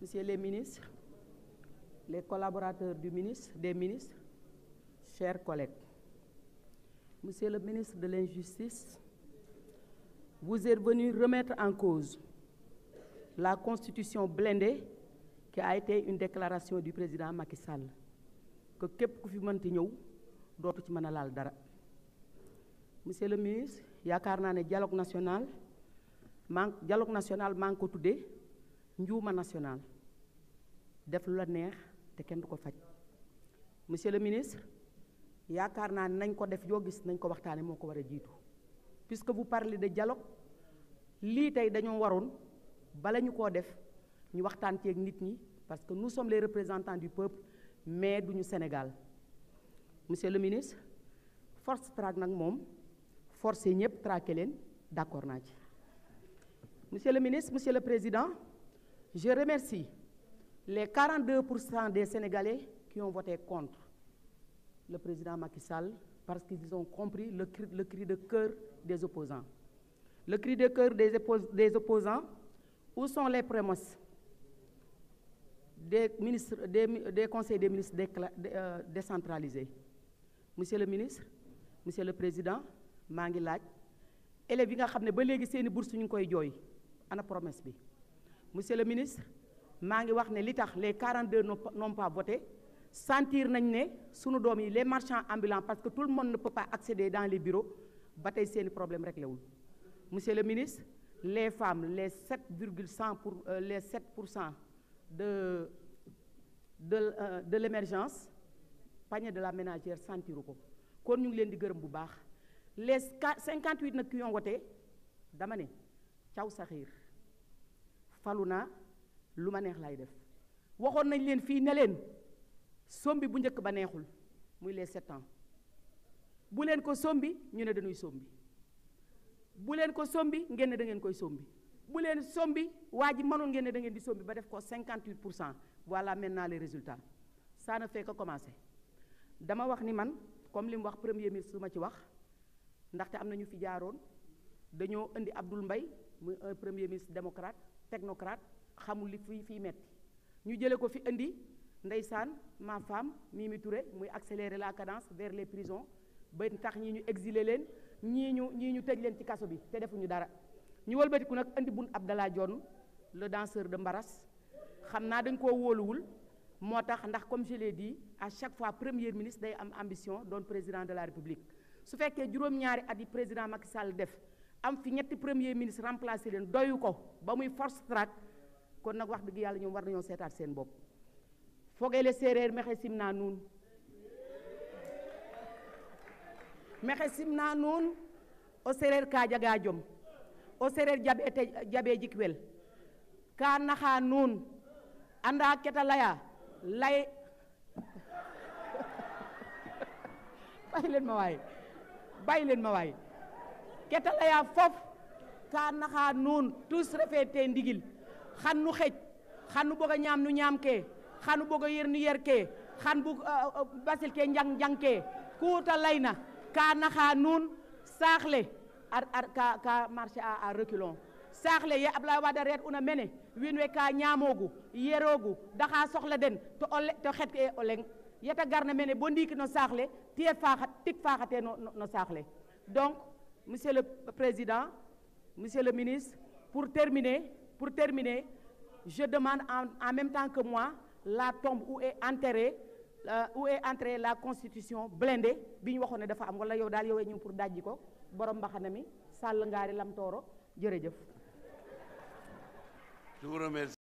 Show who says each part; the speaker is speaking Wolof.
Speaker 1: messieurs les ministres, les collaborateur du ministre, des ministres, chers collègues. Monsieur le ministre de l'Injustice, vous êtes venu remettre en cause la constitution blindée qui ay été une déclaration du président Macky Sall que képp ku fi mënti ñëw dootu ci mën a laal dara monsieur le ministre yaakaar naa ne dialogue national man dialogue national maa ngi ko tuddee njuuma national def lu la neex te kenn du ko faj monsieur le ministre yaakaar naa nañ ko def yoo gis nañ ko waxtaane moo ko war a jiitu puisque vous parlez de dialogue lii tey dañoo waroon bala ñu koo def ñu waxtaan ceeg nit ñi parce que nous sommes représentant représentants du peuple mais duñu Sénégal monsieur le ministre force traque nag moom force forcé ñëpp traqué leen d'accord naa ci monsieur le ministre monsieur le président Je remercie les 42% des Sénégalais qui ont voté contre le président Macky Sall parce qu'ils ont compris le cri, le cri de cœur des opposants. Le cri de cœur des, des opposants, où sont les promesses des, ministres, des, des, conseils des ministres décla, dé, euh, décentralisés Monsieur le ministre, monsieur le président, maa ngi laaj élèves yi nga xam ne ba léegi seeni bourse ñu ngi koy jooy ana promesse bi monsieur le ministre maa ngi wax ne li tax les 42 n'ont pas voté sentir nañ ne sunu doom yi les marchands ambulants parce que tout mën na ne peut pas accéder dans les bureaux ba tey seeni problème rek wul monsieur le ministre les femmes les 7 virgule cent pour euh, les 7 pour cent de de euh, de l'émergence panier de la ménagère sentiru ko kon ñu ngi leen di gërëm bu baax les 58 nag ki ont voté dama ne caw saxiir falu naa lu ma neex lay def waxoon nañ leen fii ne leen sombi bu njëkk ba neexul muy les sept ans bu leen ko sombi ñu ne dañuy sombi bu leen ko sombi ngeen ne da ngeen koy sombi bu leen sombi waa ji mënul ngeen ne da ngeen di sombi ba def ko 58 pour cent voilà maintenant les résultat ça ne fait que commencer dama wax ni man comme li mu wax premier ministre su ma ci wax ndaxte am na ñu fi jaaroon dañoo indi Abdoul mbay mu premier ministre démocrate technocrate xamul li fii fii metti ñu jële ko fi indi ndeysaan ma femme mi Touré muy accélérer la cadence vers les prisons ba tax ñii ñu exiler leen ñii ñu ñii ñu tëj leen ci kaso bi te defuñu dara ñu wëlbatiku nag indi Boun Abdallah Dionne le danseur de Mbaras xam naa dañ ko wóoluwul moo tax ndax comme je l'ai à chaque fois premier ministre day am ambition doon président de la république su fekkee juróom-ñaari at yi président Macky Sall def am fi ñetti premier ministre remplacé leen doyu ko ba muy force track kon nag wax dëgg yàlla ñoom war nañoo seetaat seen bopp fogeele séeréer mexe sim naa nuun mexe sim naa nuun o séeréer ka jaga jom o séeréer jabe te jabe jikwel ka naxa nuun anda keta laya lay bàyyi leen ma waaye bàyyi leen ma waaye ketalaya fof ka naxa nuun tous refe te ndigil xan nu xeej xan nu bog a ñaam nu ñaam ke xan nu bog a nu yer ke xan euh, euh, basil ke njang njang ke kuuta layna ka naxa nuun saaxle ka ka marché à reculons saaxle ye Ablaye Wade reet una mene wiin we ka ñaamoogu yeroogu daxa soxla den to xet e o leng yeta garna mene bo ndiiki no saaxle tiye faaxate no saaxle Monsieur le Président, Monsieur le Ministre, pour terminer, pour terminer, je demande en, en même temps que moi la tombe où est enterrée euh, où entrée la constitution blindée bi ñu waxoon ne dafa am wala yow daal yow ñëw pour dajji ko borom mbaxana mi sàll ngaari lam tooro jërëjëf.